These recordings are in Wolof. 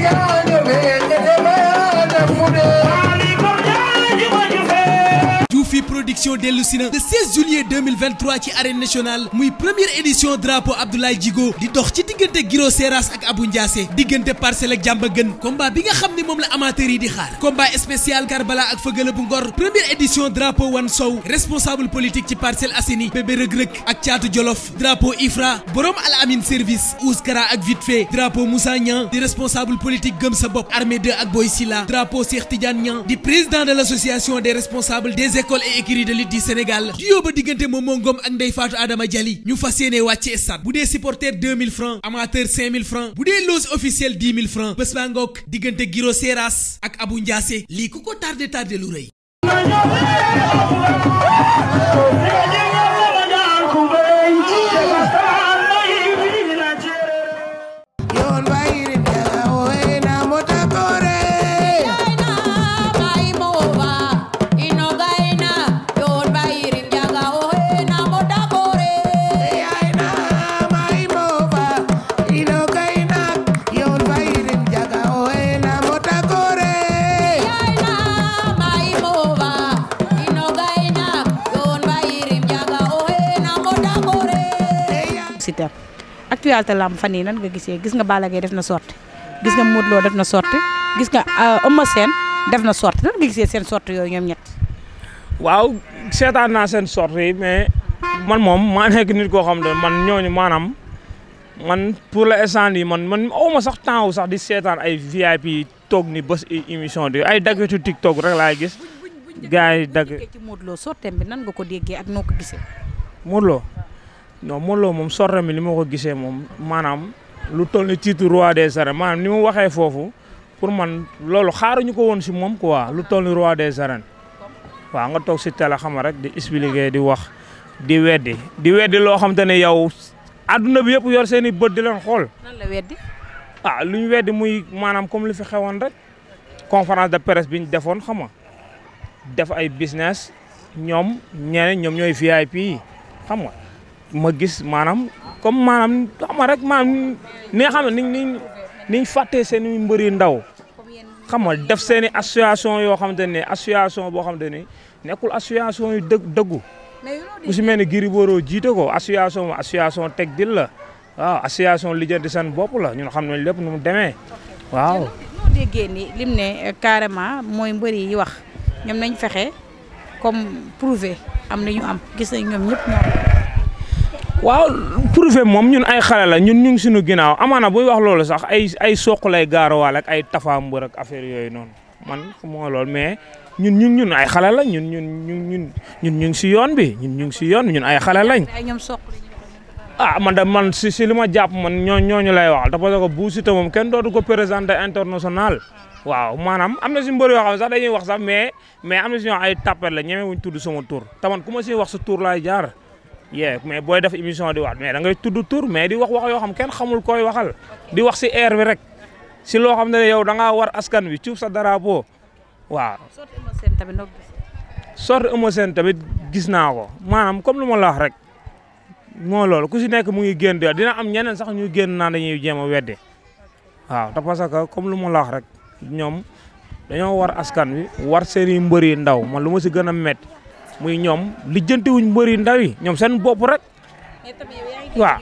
Yeah. production dellu si na le 16 juillet 2023 ci arène nationale muy première édition drapeau Abdoulaye Djigo di dox ci diggante Giro Seras ak Abou Ndiassé diggante parcelle ak jàmba gën combat bi nga xam ne moom la amateur yi di xaar combat spécial Karbala ak Fëgala bu Ngor première édition drapeau Wan Sow responsable politique ci Parcelles Assainies bébé rëg-rëg ak caatu Jolof drapeau Ifra borom Al Amin service Ouskara ak vite fait drapeau Moussa Niang di responsable politique gëm sa bopp armée 2 ak de écurie de lutte Sénégal di yóbba diggante Momo Ngom ak Ndeye Fatou Adama Diali ñu fas yéene wàcce stade bu dee supporter 2000 francs amateur 5000 francs bu dee loge officielle 10 francs bés baa diggante Giro Seras ak Abou Ndiassé lii ku ko tardé tardé lu rëy actualité lamb fan yii nan nga gisee gis nga Balla Gaye def na sorti gis nga Modou def na sorti gis nga euh, Eumeu Sène def na sorti nan nga gisee seen sorti yooyu ñoom ñett. waaw seetaan naa seen sorti yi mais man moom maa nekk nit koo xam ne man ñooñu maanaam man pour l'instant yi man man aw ma sax temps wu sax di seetaan ay VIP toog ni bés émission di ay daggetu TikTok rek laay gis. gars yi dagg ci Lo sortem bi nan nga ko déggee ak noo ko gisee. Modou non Modou Lo moom sorra mi li moo ko gisee moom maanaam lu toll ni titre roi des arènes maanaam ni mu waxee foofu pour man loolu xaaruñu ko woon si moom quoi lu toll ni roi des arènes waaw nga toog si télé xama rek di expliquer di wax di weddi di weddi loo xam te ne yow adduna bi yëpp yor seen i bët di leen xool. nan ah lu ñu weddi muy maanaam comme li fi xewoon rek conférence de presse bi ñu defoon xam nga def ay business ñoom ñeneen ñoom ñooy VIP yi xam nga. ma gis maanaam comme maanaam xam nga rek maanaam ni xam ne ni niñ fàttee seen mbër yu ndaw xam def seen i association yoo xamante ne association boo xamante ne nekkul association yu dë dëggu ku si mel ni Gris Bordeaux jiite ko association teg dil la waaw association lijjanti seen bopp la ñun xam nañ lépp nu mu demee waaw déggee ni lim ne euh, carrément mooy mbëri yi wax ñoom nañ fexe comme prouver am na ñu am gis nañ ñoom ñëpp ñoo waaw prouvé moom ñun ay xale la ñun ñu ngi suñu ginnaaw amaana buy wax loolu sax ay ay soq lay gaarawaal ak ay tafaambër ak affaire yooyu noonu man moo loolu mais ñun ñun ñun ay xale la ñun ñun ñun ñun ñun ñu ngi si yoon bi ñun ñu ngi si yoon ñun ay xale lañ. ah man da man si si ma jàpp man ñoo ñooñu lay wax dafa ko Bou Siteu moom kenn dootu ko présenté international waaw maanaam am na si mbër yoo xam sax dañuy wax sax mais mais am na si ñoo ay tapet la ñeme wuñ tudd sama tur taman ku ma siy wax sa tur laay jaar. yee mais booy def émission di wax mais dangay tudd tur mais di wax wax yoo xam kenn xamul koy waxal di wax si air bi rek si loo xam ne yow da ngaa war askan wi cuub sa drapeau waaw. sorte Eumeu Sène tamit gis naa ko maanaam comme lu ma laax rek moo loolu ku si nekk mu ngi génn dina am ñeneen sax ñuy génn naan dañuy jéem a wedde waaw te parce que comme lu ma la wax rek ñoom dañoo war askan wi war seen i mbër yi ndaw man lu ma si gën a métti muy ñoom lijjantiwuñ mbëri ndaw yi ñoom seen bopp rek. waaw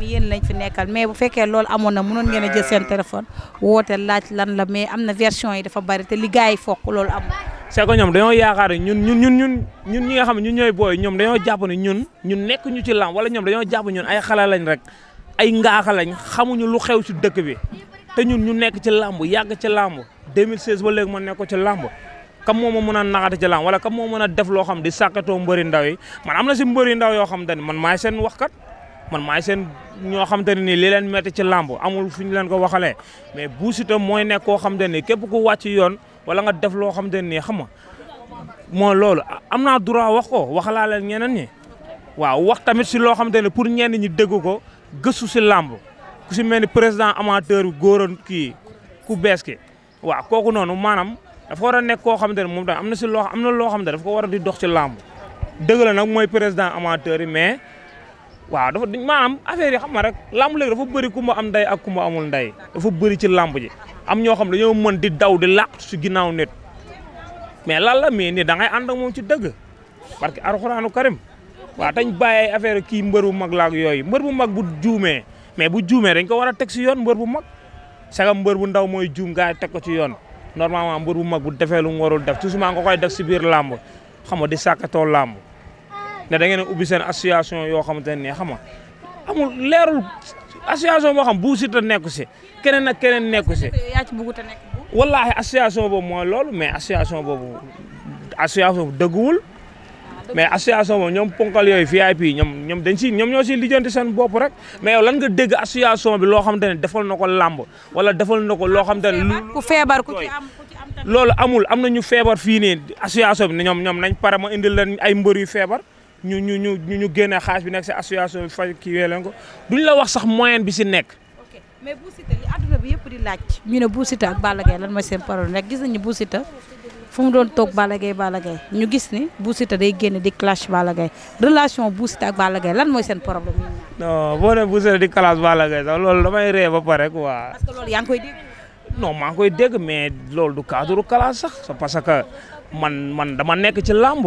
yéen lañ fi nekkal mais bu fekkee loolu amoon na munoon ngeen a jël seen téléphone woote laaj lan la mais am na version yi dafa bari te li yi fokk loolu am c'est que ñoom dañoo yaakaar ñun ñun ñun ñun ñun ñi nga xam ne ñun ñooy booy ñoom dañoo jàpp ñun ñun nekk ñu ci lam wala ñoom dañoo jàpp ñun ay xale lañ rek ay ngaaxa lañ xamuñu lu xew ci dëkk bi te ñun ñu nekk ci làmb yàgg ci làmb 2016 ba léegi ma nekk ko ci làmb kam moo ma mën a naxati ci lam wala kam moo mën a def loo xam di sàkkatoo mbëri ndaw yi man am na si i ndaw yoo xam te ne man maay wax waxkat man maa seen ñoo xam te ne nii li leen metti ci làmb amul fu ñu leen ko waxalee mais Bou Siteu mooy nekk koo xam te ne képp ku wàcc yoon wala nga def loo xam te ne nii xam nga moo loolu am naa droit wax ko waxalaa leen ñeneen ñi waaw wax tamit si loo xam te ne pour ñenn ñi dégg ko gëstu si lamb ku si mel ni président amateur góor kii ku bees ki waaw kooku noonu maanaam dafa war a nekk koo xamante ne moom tam am na loo am na loo xamante ne dafa ko war a di dox si làmb dëgg la nag mooy président amateur yi mais waaw dafa maanaam affaire yi xam nga rek làmb léegi dafa bëri kumba am nday ak kumba amul nday dafa bëri ci làmb ji am ñoo xam dañoo mën di daw di làqatu si ginnaaw nit mais lan la mais ni da ngay ànd ak moom ci dëgg parce que arxuraanu karim waaw tañ bàyyi affaire kii mbër bu mag laak yooyu mbër bu mag bu juumee mais bu juumee dañ ko war a teg si yoon mbër bu mag saga mbër bu ndaw mooy juum gaa teg ko ci yoon normalement mbër bu mag bu defee lu mu warul def toujours nga koy def si biir làmb xam nga di sàkkatoo làmb ne da ngeen ubbi seen association yoo xamante ne xam nga amul leerul association boo xam Bou Siteu nekku si keneen ak keneen nekku si. yaa ci bëggut a nekk. wallaahi association boobu mooy loolu mais association boobu association boobu dëgguwul. mais association moom ñoom ponkal yooyu VIP ñoom ñoom dañ si ñoom ñoo si lijjanti seen bopp rek mais yow lan nga dégg association bi loo xamante ne defal na ko làmb wala defal na ko loo xamante ne. ku feebar ku ci am loolu amul am na ñu feebar fii nii association bi ñoom ñoom nañ pare ma indil leen ay mbër yu feebar. ñu ñu ñu ñu ñu génne xaalis bi nekk si association bi faj kii wee leen ko duñ la wax sax moyen bi si nekk. mais Bou Siteu li àdduna bi yëpp di laaj. ñu ne Bou Siteu ak Balla Gaye lan mooy seen gis nañu Bou Siteu fu mu doon toog Balla Gaye Balla ñu gis ni Bou day génn di clash Balla Gaye relation Bou Siteu lan mooy seen problème yi. non boo nee Bou Siteu di clash Balla Gaye sax loolu damay ree ba pare quoi. parce que loolu yaa ngi koy dégg. maa ngi koy dégg mais loolu du cadre clash sax parce que man man dama nekk ci làmb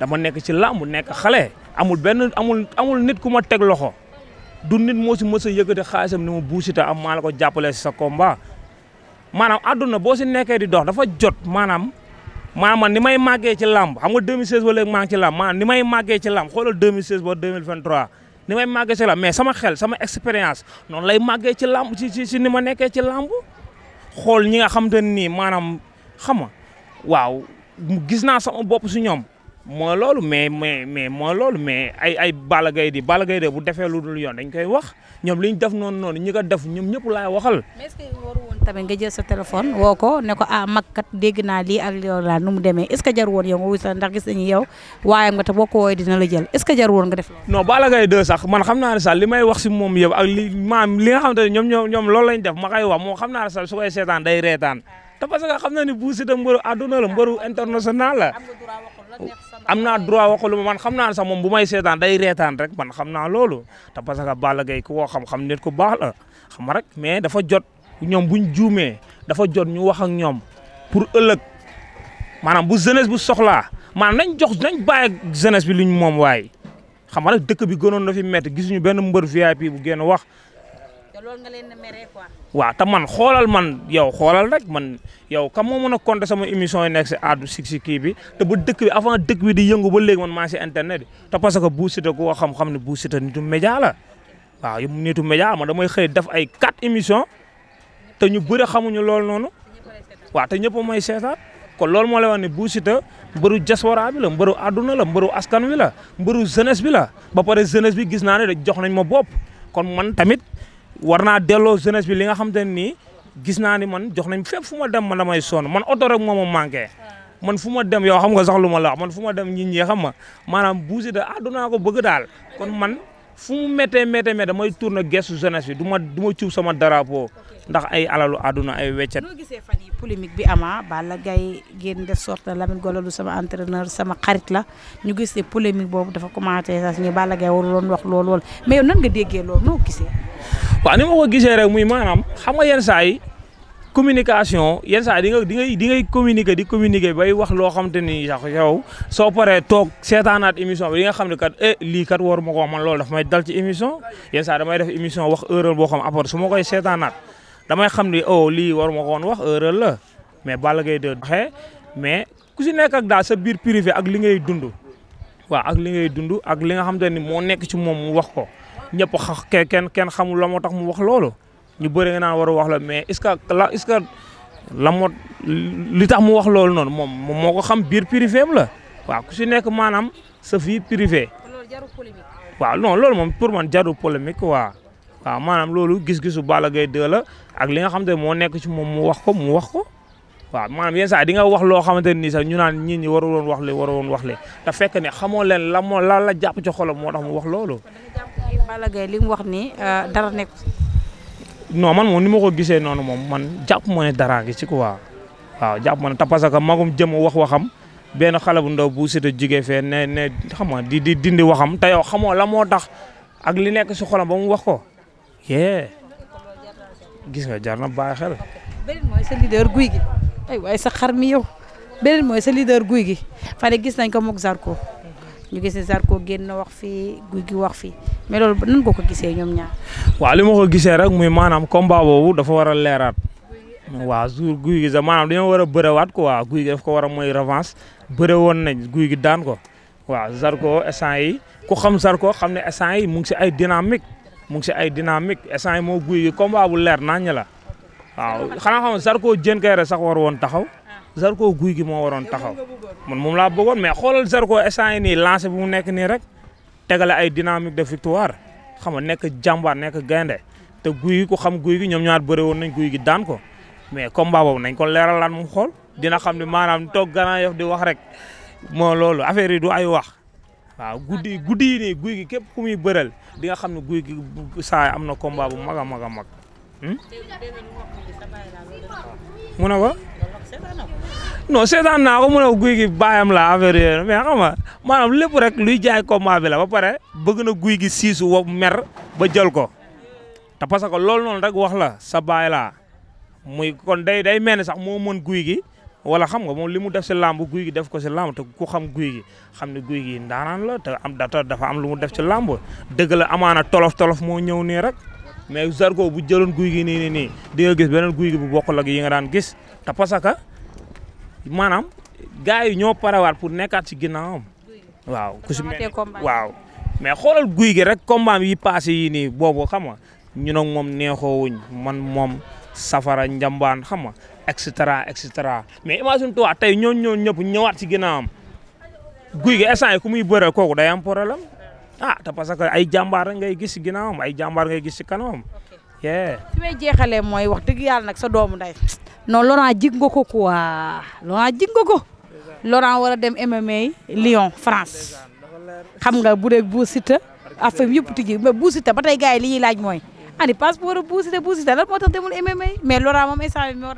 dama nekk ci làmb nekk xale. amul benn amul amul nit ku ma teg loxo du nit moo si mës a yëkkati ni mu buusita Siteu am maa ko jàppale si sa combat maanaam àdduna boo si nekkee di dox dafa jot maanaam. maanaam ni may màggee ci làmb xam nga 2016 ba léegi maa ngi ci làmb maanaam ni may màggee ci làmb xoolal 2016 ba 2023 ni may màggee ci làmb mais sama xel sama expérience noonu lay màggee ci làmb ci ci ci ni ma nekkee ci làmb xool ñi nga xam te nii maanaam xam nga waaw gis naa sama bopp si ñoom mooy loolu mais mais mais mooy loolu mais ay ay Balla Gaye di Balla de bu defee lu dul ko def ñoom ñëpp laay waxal. mais est-ce que waru ko ne ko ah mag kat dégg naa lii mu demee est woon yow nga wuyu sax ndax gis nañu yow waayam nga te boo ko wooyee dina la jël est-ce loolu. non Balla de sax man xam naa ne sax li may wax si moom li nga xamante ne ñoom loolu lañ def ma xam naa ne sax su seetaan day reetaan te xam naa ne bu si de mbëru international am naa droit waxaluma man xam naa ne sax moom bu may seetaan day reetaan rek man xam naa loolu te parce que Balla Gaye ku woo xam-xam nit ku baax la xam rek mais dafa jot ñoom buñ juumee dafa jot ñu wax ak ñoom pour ëllëg maanaam bu jeunesse bu soxlaa maanaam nañ jox nañ bàyyi jeunesse bi luñ moom waay xam rek dëkk bi gënoon na fi métti gisuñu benn mbër VIP bu génn wax te loolu nga leen meree man xoolal man yow xoolal rek man yow kam moom mën a compter sama émission yi nekk si àddu si si kii bi te ba dëkk bi avant dëkk bi di yëngu ba léegi man maa internet te parce que Bou Siteu ku ko xam-xam ne Bou Siteu nitu média la waaw yow nitu média ma damay xëy def ay quatre émissions te ñu bëri xamuñu lool noonu waaw te ñëpp may seetaan kon loolu moo lay wax ne Bou Siteu mbëru diaspora la mbëru àdduna la mbëru askan wi la mbëru jeunesse bi la ba pare jeunesse bi gis naa ne da jox nañ ma bopp kon man tamit. war naa delloo jeunesse bi li nga xam ne nii gis naa ni man jox nañ fépp fu ma dem man damay sonn man oto rek moo ma manqué ah. man fu ma dem yow xam nga sax lu ma la wax man fu ma dem nit ñi xam ma maanaam bouse de ah dinaa ko bëgg daal kon man fu mu méttee méttee méttee damay tourner gestu jeunesse du ma du ma cuub sama drapeau ndax ay alalu àdduna ay weccet. noo gisee fan yi polémique bi ama Balla Gaye génn def sorte na Lamine Golo du sama entraîneur sama xarit la ñu gis ne polémique boobu dafa commencé sax ñu Balla Gaye warul woon lool lool mais yow nan nga déggee loolu noo gisee. ko gisee rek muy maanaam xam nga yenn saa yi communication yenn saa yi di nga di ngay di ngay communiquer wax loo xam te ni sax soo paree toog seetaanaat émission bi di nga xam ne kat eh, ko man loolu daf may dal ci émission yenn saa damay def émission wax erreur boo xam après su ma koy seetaanaat. damay xam ni oh war waruma ko woon wax erreur la mais Balla Gaye de mais ku si nekk ak daal sa biir privé ak li ngay dund waaw ak li ngay dund ak li nga xam te ni moo nekk ci moom mu wax ko ñëpp xa kenn kenn xamul la moo tax mu wax loolu ñu bëri nga naan war wax la mais est-ce que la est-ce la moo li tax mu wax loolu noonu moom moo ko xam biir privé am la wa ku si nekk maanaam sa vie privée waaw non loolu moom pour man jaru polémique waaw waaw maanaam loolu gis-gisu bala gay 2 la ak li nga xam te moo nekk ci moom mu wax ko mu wax ko waaw maanaam yenn saa di nga wax loo xamante ni sax ñu naan ñii ñi waru woon wax le waru woon wax le te fekk ne xamoo leen la moo la la jàpp ci xolam moo tax mu wax loolu. Balla Gaye li wax ni euh, dara nekk. non man moom ni ma ko gisee noonu moom man jàpp ma daraa ngi ci quoi waaw jàpp ma parce que magum jëm wax waxam benn xale ndaw bu Siteu jigee xam nga di dindi waxam te yow xamoo la moo tax ak li nekk si xolam ba mu wax ko. yee gis nga jar na bàyyi xel. beneen mooy sa leader guy gi sa xar mi yow beneen mooy sa guy gi fane gis nañ ko moog Zarko ñu gis ne Zarko génn wax fii guy gi wax fii mais loolu nan nga ko gisee ñoom ñaar. waaw li ma ko gisee rek muy maanaam combat boobu dafa war a leeraat. waa jour guy gi sax maanaam dañoo war a ko quoi guy gi daf ko war a mooy revanche bëri woon nañ guy gi daan ko. waaw Zarko instant yi ku xam Zarko xam ne instant yi mu ngi si ay dynamique. mu si ay dynamique instant moo guy yi combat bu leer naññ la waaw xanaa xam Zarko Diène Kairé sax war woon taxaw Zarko guy gi moo waroon taxaw man moom laa bëggoon mais xoolal Zarko instant ni nii lancé bu mu nekk nii rek tegale ay dynamique de victoire xam nga nekk jàmbaar nekk gaynde te guy gi ko xam guy gi ñoom ñaar bëre woon nañ guy gi daan ko mais combat boobu nañ ko leeralaat mu xool dina xam ne maanaam toog Grand Yoff di wax rek moo loolu affaire yi du ay wax waaw guddi guddi yi guy gi képp ku muy bëral di nga xam ne guy gi am na combat bu mag a mag a mag. Hmm? mu ne ko. non seetaan naa ko mu ne ko guy gi bàyyam la affaire yooyu mais xam nga maanaam rek luy jaay combat bi la ba pare bëgg na guy gi siisu wa mer ba jël ko te parce que loolu noonu rek wax la sa baay laa muy kon day day mel ni sax moo mon guy gi. wala xam nga moom li mu def si làmb guy gi def ko si làmb te ku xam guy gi xam ne guy gi ndaanaan la te am data dafa am lu mu def si làmb dëgg la amaana tolof tolof moo ñëw nii rek mais Zarko bu jëloon guy gi nii nii nii di nga gis beneen guy gi bu bokkul ak yi nga gis ta parce que maanaam gars yi ñoo parewaat pour nekkaat si ginnaawam. waaw ku si mel waaw. mais xoolal guy gi rek combat yi passé yi nii boobu xam nga ñu ne moom neexoowuñ man moom safara njambaan xam nga et cetera et cetera mais imagine toi tey ñooñu ñooñu ñëpp ñëwaat ci ginnaawam guy gi instant yi ku muy day am problème ah te parce que ay jàmbaar ngay gis ci ginnaawam ay jàmbaar ngay gis ci kanamam. yee. su may jeexalee mooy wax dëgg yàlla nag sa doomu nday non Laurent jig nga ko quoi Laurent jig ko. Laurent war a dem MMA Lyon France xam nga bu dee bu Siteu affaire yëpp tijji mais bu Siteu ba tey gars yi li ñuy laaj mooy. ani passeport a buusite buusite lan moo tax demul MMA mais Laurent moom instant bi war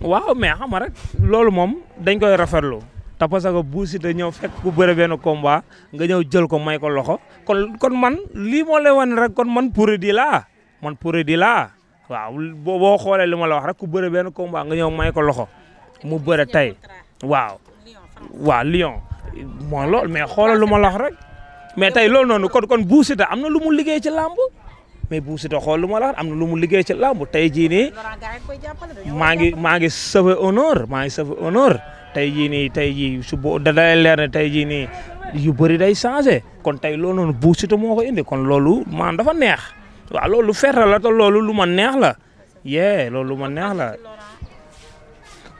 waaw mais xam rek loolu moom dañ koy rafetlu te parce buusite ñëw fekk ku bëre benn combat nga ñëw jël ko may ko loxo kon kon man lii moo lay wan rek kon man produit laa man produit laa waaw boo boo xoolee li ma la wax rek ku bëre benn combat nga ñëw may ko loxo mu bëre tey waaw waaw Lyon bon loolu mais xoolal lu ma la wax rek mais tey loolu noonu kon kon buusite am na lu mu liggéey mais Bou Siteu xool lu ma la am na lu mu liggéey ci làmb tey jii nii maa ngi maa ngi sauvé honneur maa ngi sauvé honneur tey jii nii tey jii su boo da day leer ne tey jii nii yu bari day changé kon tey loolu noonu Bou Siteu moo ko indi kon loolu maanaam dafa neex waaw loolu lu ferre la te loolu lu ma neex la yee loolu lu ma neex la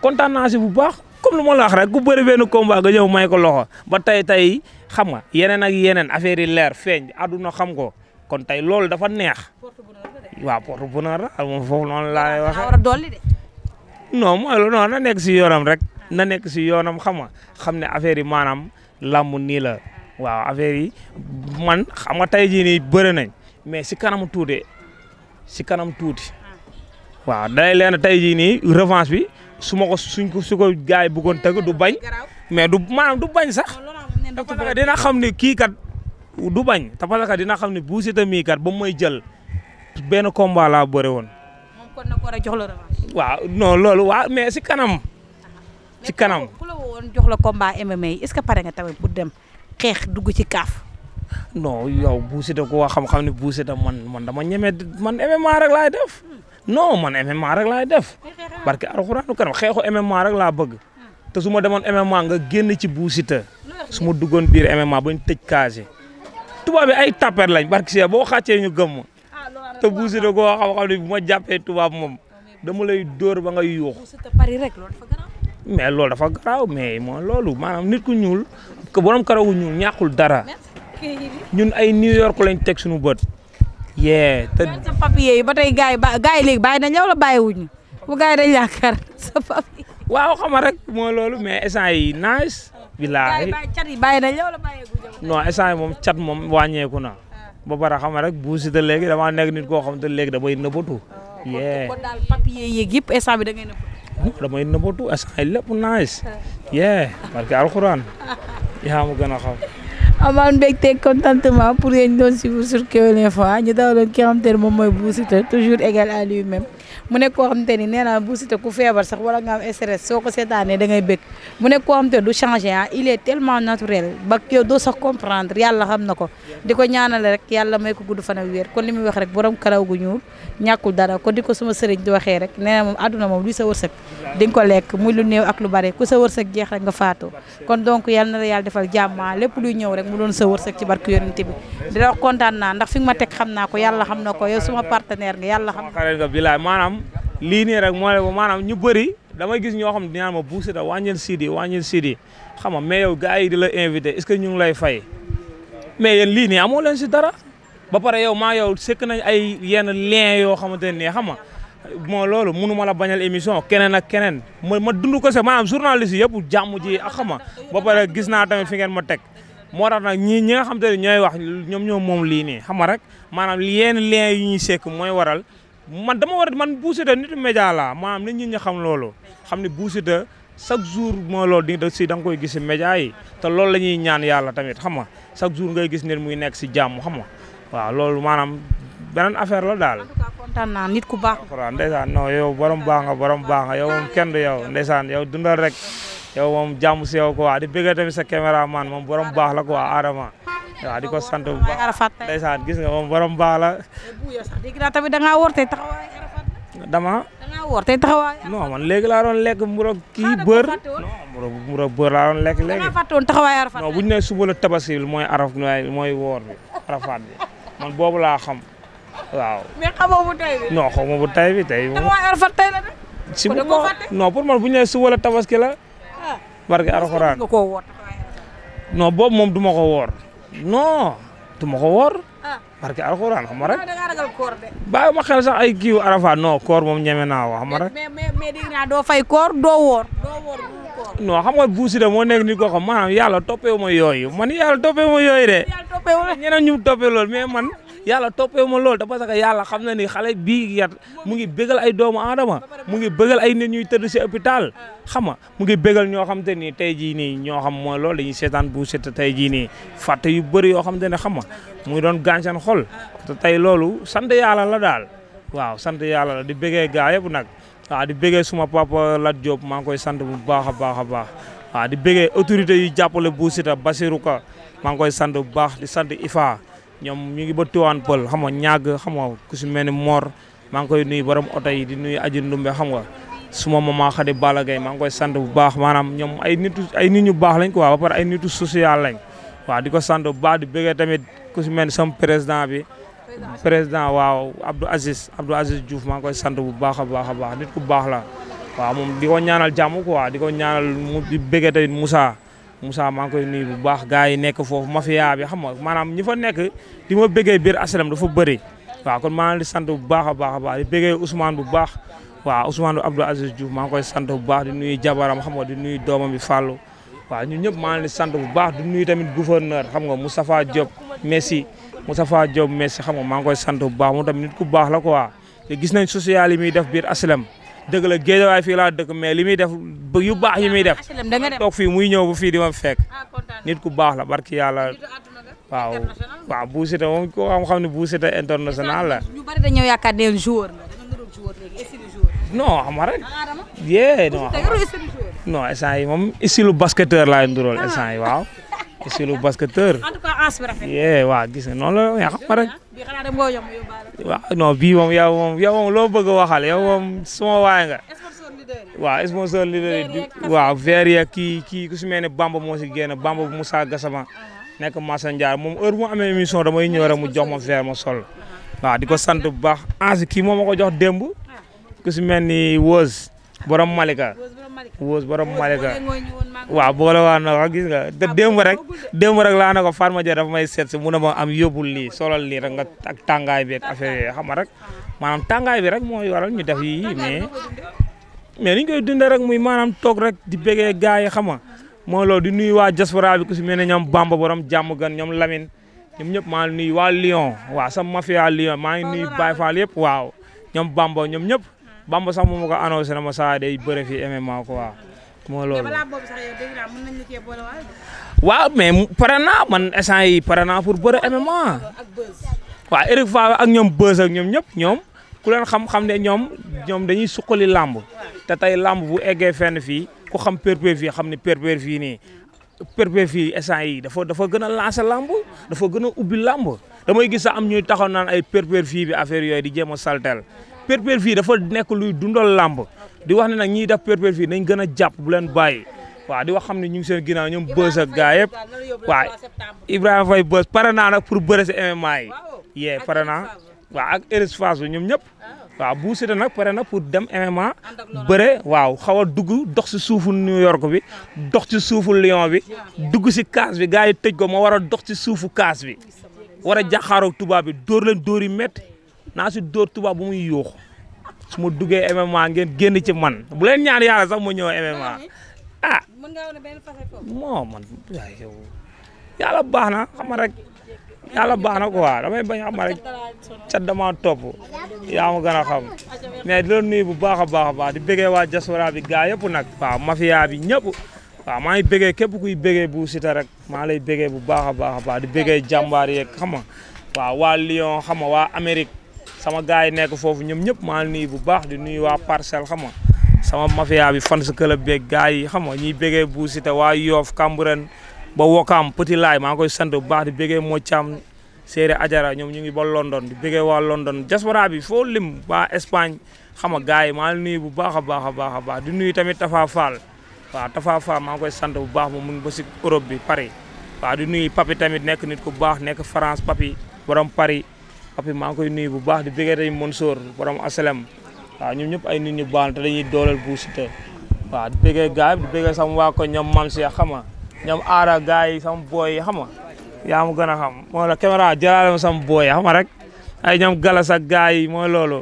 kontaan naa si bu baax comme lu ma la wax gu bari bëri benn combat nga ñëw may ko loxo ba tey tey xam nga yeneen ak yeneen affaire yi leer feeñ àdduna xam ko. kon tey loolu dafa neex. waaw porte bonheur la moom foofu noonu laa lay waxee. a dolli de. non mooy loolu na nekk si yoonam rek. na nekk si yoonam xam nga xam ne affaire yi maanaam làmb nii la waaw affaire yi man xam nga tey jii nii bëri nañ mais si kanam tuuti si kanam tuuti ah. waaw day leen tey jii nii revanche bi su ma ko suñ ko su ko gars tëgg du bañ mais du maanaam du bañ sax. dina xam ne kii kat. du bañ tapalaka dina xam ne Bou Siteu mii kat ba may jël benn combat laa bëre woon. war a jox la revanche. waaw non loolu waa mais si kanam. Ah, si kanam ku woon jox la combat MMA yi est que pare nga tamit pour dem xeex dugg ci kaaf. non yow Bou Siteu ku wax xam-xam ne Bou Siteu man man dama ñeme man MMA rek laay def. Hmm. non man MMA rek laay def. parce que alxuraanu kanam xeexu MMA rek laa bëgg. Hmm. te su ma demoon MMA nga génn ci Bou Siteu. su ma duggoon biir MMA bañ tëj casier. tubaab bi ay tapper lañ barki si boo xàccee ñu gëm ma ah, te Boucher de koo xam xam ne bu ma jàppee tubaab moom dama lay dóor ba nga yuux mais loolu dafa garaaw mais moo loolu maanaam nit ku ñuul que borom karawu ñuul ñàkkul dara ñun ay New York lañ teg suñu bët. yee te sa papier yi ba tey gars yi ba gars yi léegi bàyyi nañ la wala bàyyiwuñu bu gars yi dañ yaakaar sa papier. waaw xam rek moo loolu mais instant yi nice billaahi bàyyi nañ la wala non instant yi moom cat moom wàññeeku na. Ah. ba pare xam rek buusi te léegi damaa nekk nit koo xam te léegi damay nëbbatu. Oh, yee kon daal papier yeeg yëpp instant bi da ngay nëbbatu. damay yee parce que ah. alxuraan yaa ma gën a xam. amaan mbégte contentement pour yéen doon suivre sur Kewel Info ñu dawaloon ki nga xam te ne moom mooy Bou égal à lui mu nekk koo xamante ni nee naa ku feebar sax wala nga am stress soo ko seetaanee da ngay bëgg mu nekk koo xamante du changé ah il est tellement naturel ba yow doo sax comprendre yàlla xam na ko di ko ñaanale rek yàlla may ko gudd fan ak wér kon li muy wax rek borom gu ñuul ñàkkul dara di ko suma sëriñ di waxee rek nee na moom àdduna moom luy sa wërsëg di nga ko lekk muy lu néew ak lu bare ku sa wërsëg jeex rek nga faatoo kon donc yàlla na la yàlla defal jàmma ah, lépp lu ñëw rek mu doon sa wërsëg ci barke yonent bi di la wax ndax fi ma teg xam naa ko yalla xam na ko yow suma partenaire nga yàlla xam lii rek moo maanaam ñu bëri damay gis ñoo xam ne dinaa ma Bou Siteu wàññil Sidi wàññil Sidi xam nga mais yow gars yi di la invité est ce ñu ngi lay fay mais yéen lii nii amoo leen si dara ba pare yow maa yow sekk nañ ay yenn lien yoo xamante ne xam nga moo loolu mënu ma la bañal émission keneen ak keneen ma ma dund ko sax maanaam journaliste yëpp jàmm ji a xama ba pare gis naa tamit fi ngeen ma teg moo tax nag ñii ñi xam te ne ñooy wax ñoom ñoom moom lii nii xam nga rek maanaam yenn lien yu ñuy sekk mooy waral man dama war man Bou Siteu nitu média la maanaam na ñi nga xam loolu xam ne Bou Siteu chaque jour moo loolu di da si da nga koy gis si média yi te loolu la ñuy ñaan yàlla tamit xam nga chaque jour ngay gis nit muy nekk si jàmm xam waa loolu maanaam beneen affaire la daal. en nit ku baax. ndeysaan non yow borom baax nga yow moom kenn du yow ndeysaan yow dundal rek yow moom jàmm si yow ko di bëgg tamit sa caméraman moom borom baax la quoi Adama. waaw di ko sant gis nga moom borom baax la. dégg naa tamit da ngaa woor tey taxawaay Arafat man léegi laa lekk mu rog kii bër. non mu rog bu ñu nee suba la tabaski mooy araf mooy woor bi man boobu laa xam waaw. mais xamoo bu bi. non bi tey. taxawaay Arafat la de. si bu non pour man bu ñu suba la tabaski la. Ah. barke Alxuraan non boobu moom duma ma ko woor non du ko woor. parce ah. que alxuraan xam nga rek. bàyyi ma xel sax ay kiiw arafa non koor moom ñeme naa wax xam nga rek. doo fay koor doo woor. doo woor non xam nga Bou Siteu moo nekk nit koo xam maanaam yàlla toppee wu ma yooyu man yàlla toppee wu ma yooyu de. ñeneen ñu toppee loolu mais man. yàlla toppee ma loolu da parce que yàlla xam na ni xale bii yat mu ngi bégal ay doomu aadama mu ngi bégal ay net ñuy tëdd si hôpital xam nga mu ngi bégal ñoo xam te ni tey jii nii ñoo xam mooy loolu dañuy seetaan bu set tey jii nii fàtte yu bëri yoo xam te ne xam mu ngi doon gàncax xol te tey loolu sant yàlla la daal waaw sante yàlla la di bégee gaa yëpp nag waaw di bégee suma papa Lat Diop maa ngi koy sant bu baax a baax a baax waaw di bégee autorité yu jàppale bu sita Basirou Ka maa ngi koy sant bu baax di sant Ifa ñoom ñu ngi ba Tiwaan Pël xam nga ñàgg xam nga ku si mel ni Mor maa ngi koy nuyu borom oto yi di nuyu aji ndumbe xam nga suma mama Xadi Balla Gaye maa ngi koy sant bu baax maanaam ñoom ay nitu ay nit ñu baax lañ quoi ba ay nitu social lañ waaw di ko sant bu baax di bëggee tamit ku si mel ni sama président bi président waaw Abdou Aziz Abdou Aziz Diouf maa ngi koy sant bu baax a baax a baax nit ku baax la waaw moom di ko ñaanal jàmm quoi di ko ñaanal mu di bëggee tamit Moussa Moussa maa ngi koy nuyu bu baax gars yi nekk foofu mafia bi xam nga maanaam ñi fa nekk di ma bëggee biir asalam dafa bëri waaw kon maa ngi di sant bu baax a baax a baax di bëggee Ousmane bu baax waaw Ousmane Abdou Aziz Diouf maa ngi koy sant bu baax di nuy jabaram xam nga di nuyu doomam bi Fallou waaw ñun ñëpp maa ngi di sant bu baax di nuyu tamit gouverneur xam nga Moustapha Diop Messi Moustapha Diop Messi xam nga maa ngi koy sant bu baax moom tamit nit ku baax la ko waa te gis nañ social yi muy def biir asalam dëgg la géejawaay fii laa dëkk mais li muy def yu baax yu muy def ah, toog fi muy ñëw bu fii di ma fekk ah, nit ku baax la barki yàlla waaw waa Bou Siteu moom ko xam ne Bou Siteu international la ñu yaakaar ne joueur la non xam rek ah, yee non non instant yi moom style basketteur laay ndurool instant yi waaw sur le basketteur. en gis nga noonu la yaa xam ma rek. bii xanaa dem boo yomb yóbbaale. waaw non bii moom yow moom loo bëgg waxal yow moom suma waay nga. sponsor leader yi. waaw sponsor leader kii kii ku si mel ne Bamba moo si génn Bamba bu Moussa Gassama. Uh-huh. nekk Massa Ndiaye moom mu amee émission damay ñëw rek mu jox ma verre ma sol. Uh-huh. waaw di ko sant bu baax kii moom ma ko jox démb. Ah. ku si mel borom Malika wóos borom Malika waaw boole waa na wax gis nga te ah, démb rek démb rek laa na ko farma ja dafa may seet si mun a ma am yóbbul lii solo lii rek nga ak tàngaay bi ak affaire yi xam nga rek maanaam tàngaay bi rek mooy waral ñu def yii mais mais li koy dundee rek muy maanaam toog rek di bégee gars yi xam nga mooy di nuyu waa diaspora bi ku si Bamba borom jàmm gan ñoom Lamine ñoom ñëpp maa ngi waa Lyon waaw sa mafia Lyon maa ngi nuyu Baye Fall yëpp waaw ñoom Bamba ñoom ñëpp. Bamba sax moom ma ko annoncé na ma saa day bëre fi MMA quoi. moo loolu balaa boobu sax yow dégg naa mën mais pare naa man instant yi pare naa pour bëre MMA. ak Beuz. waaw Eric ak ñoom Beuz ñoom ñëpp ñoom ku leen xam-xam ne ñoom ñoom dañuy suqali làmb te tey làmb bu eggee fenn fii ku xam perpé fii xam ne perpé fii nii perpé fii instant yi dafa dafa gën a lancer làmb dafa gën a ubbi làmb damay gis sax am ñuy taxaw naan ay perpé fii bi affaire yooyu di jéem a saltel perper fii dafa nekk luy dundal làmb di wax ne nag ñiy def perper fii nañ gën a jàpp bu leen bàyyi waaw di wax xam ne ñu ngi seen ginnaaw ñoom bës ak gaa yëpp waaw Ibrahima Faye bës pare naa nag pour bëre si MMA yi yee pare naa waaw ak Eris Fass bi ñoom ñëpp ah. waaw bu sita nag pare na pour dem MMA bëre waaw xaw a dugg dox si suufu New York bi ah. dox si suufu Lyon bi dugg si kaas bi gars yi tëj ko ma war a dox si suufu kaas bi war a jàkkaaroo tubaab bi dóor leen dóor yi métti naa si dóor tubaab bu muy yuux su ma duggee MMA ngeen génn ci man bu leen ñaan yàlla sax ma ñëw MMA ah moo man waaye yow yàlla baax na xam rek yàlla baax na quoi damay bañ xam rek cat dama topp yaa ma gën a di la bu baax a baax a baax di bëggee waa diaspora bi gaa yëpp nag waaw mafia bi ñëpp waaw maa ngi bëggee képp kuy bëggee bu sita rek maa lay bëggee bu baax a baax a baax di bëggee jàmbaar yeeg xam nga waaw sama gars yi nekk foofu ñoom ñëpp maa ngi bu baax di nuy waa parcelle xam nga sama mafia bi fan sa club beeg gars yi xam nga ñuy bégee Bou Siteu waa Yoff Cambérène ba Wokam Petit Laay maa ngi koy sant bu baax di bégee Mocaam Séeré Ajara ñoom ñu ngi ba London di bégee waa London diaspora bi foo lim waa Espagne xam nga gars yi maa ngi nuyu bu baax a baax a baax a baax di nuy tamit Tafa Fall waaw Tafa Fall maa ngi koy sant bu baax moom mu ba si Europe bi Paris waaw di nuyu Papi tamit nekk nit ku baax nekk France Papi borom papi maa ngi koy nuyu bu baax di bëggee tey Mansour borom asalem waaw ñoom ñëpp ay nit ñu baax te dañuy dooleel Bou Siteu waa di bëggee gars yi di bëggee sama waa ko si xam nga ñoom aara gars yi sama booy yi xam yaa ma gën a xam moo la caméra jëlaale ma sama booy yi xam nga rek ay ñoom galas ak gars yi mooy loolu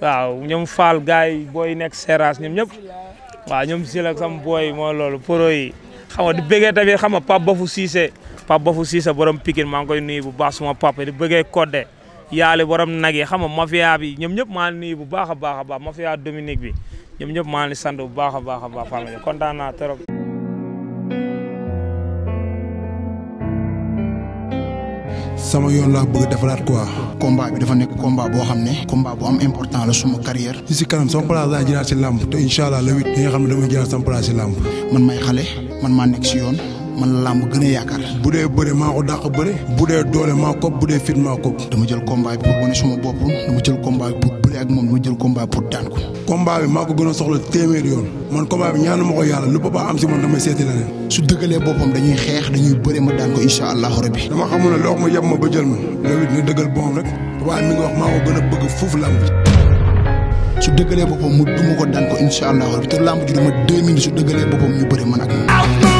waaw ñoom faal gars yi booy nekk seeraas ñoom ñëpp waaw ñoom sil ak sama booy yi mooy loolu pro yi xam nga di bëggee tamit xam nga Pape Bafou Cissé Pape Bafou Cissé borom Pikine maa ngi koy bu baax suma papa di bëggee Codé yaali borom nag yi xam ma mafia bi ñoom ñëpp maa ngi nuyu bu baax a baax a baax mafia Dominique bi ñoom ñëpp maa ngi sant bu baax a baax a baax kontaan naa trop. sama yoon laa bëgg defaraat quoi. combat bi dafa nekk combat boo xam ne. combat bu am important la suma carrière. ci si kanam sama place laa jëlaat si làmb te incha allah le huit. xam ne damay jëlaat sama place si làmb. man may xale man maa nekk si yoon. man la làmb gën a yaakaar bu dee bëre maa ko dàq bëre bu dee doole maa ko bu dee fit maa ko dama jël combat bi pour wane suma bopp dama jël combat bi pour moom dama jël combat pour daan ko combat bi maa ko gën a soxla téeméer yoon man combat bi ñaanu ma ko yàlla lu papa am si man damay seeti leneen su dëggalee boppam dañuy xeex dañuy ma daan ko incha allahu rabbi dama xamul la loo yem ma ba jël ma loolu dina dëggal boom rek waaye mi foofu làmb su dëggalee boppam mu duma ko daan ko incha allahu rabbi te làmb ju dama deux minutes su dëggalee boppam ñu bëre man ak moom